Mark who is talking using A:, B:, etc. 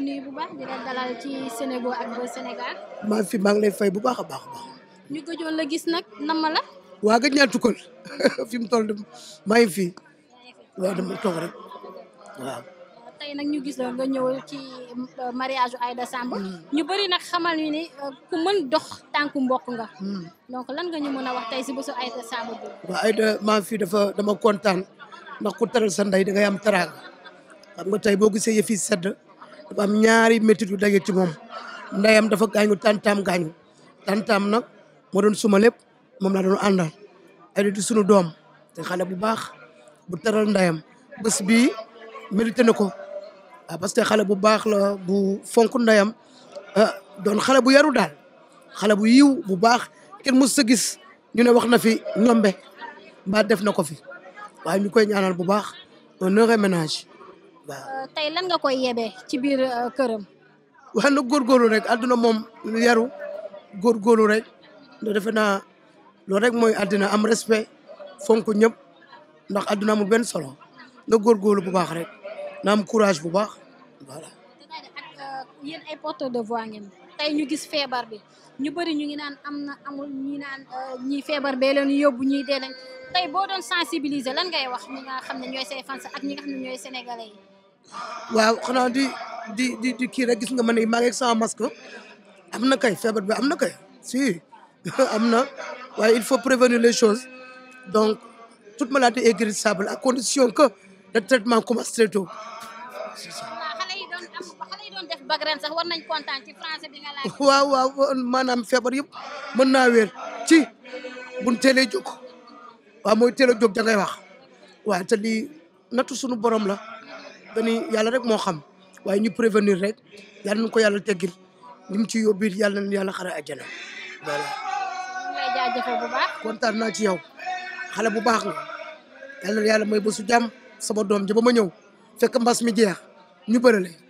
A: koy bu baax di leen dalal ci Sénégal.
B: maa fi maa ngi lay fay bu baax a baax baax.
A: ñu gëjoon la gis nag nam la.
B: waa gëj naa tukkal mu toll maa ngi fi waaw
A: nag ñu gis la nga ci euh, mariage u Aida Samb hmm. ñu bëri nag euh, dox tànku mbokk nga hmm. donc lan nga mën a wax tey
B: dafa dama kontaan ndax ku teral sa ndey da ngay am teraanga xam nga tey boo gisee yëf yi sedd dafa am ñaari métit yu daje ci moom ndeyam dafa gaañu tantaam gaañu tantaam nag moo doon suma lépp moom laa doon àndal ay di sunu doom te xale bu baax bu teral ndayam bés bii mérité na ko waaw parce que xale bu baax la bu fonk ndeyam ah, doon xale bu yaru daal xale bu yiw bu baax kenn mës sa gis ñu ne wax na fi ñombe mbaa def na ko fi waaye ñu koy ñaanal bu baax un heureux ménage
A: waaw euh, tey lan nga koy yebee ci biir euh,
B: këram. wax na góorgóorlu rek àdduna moom yaru góorgóorlu rek da defe naa loolu rek mooy àddina am respect fonk ñëpp ndax àdduna amul benn solo nga góorgóorlu bu baax rek na am bu baax voilà.
A: Euh, yéen ay porteurs de voix ngeen tey ñu gis feebar bi ñu bëri ñu ngi naan am na amul ñu naan ñii feebar bee leen yóbbu ñuy dee tey boo doon sensibiliser lan ngay wax ñi nga xam ne ñooy say fans ak ñi
B: waaw xanaa di di di di kii rek gis nga man maa ngi ak sama masque am na kay feebar bi am na kay si am na waaye il faut prévenir les choses donc toute maladie est guérissable à condition que da traitement commence très waaw waaw maanaam feebar yëpp mën naa wér ci buñ teelee jóg waaw mooy teel a dangay wax waaye te lii nattu sunu borom la. dañuy yàlla rek moo xam waaye ñu prévenir rek yàlla nañu ko yàlla teggil ni mu ci yóbbu yàlla nañu yàlla xare àjjana voilà.
A: lay
B: kontaan naa ci yow xale bu baax nga yàlla yàlla may ba su jàmm sama doom ji ba ma ñëw fekk mbas mi jeex ñu bëri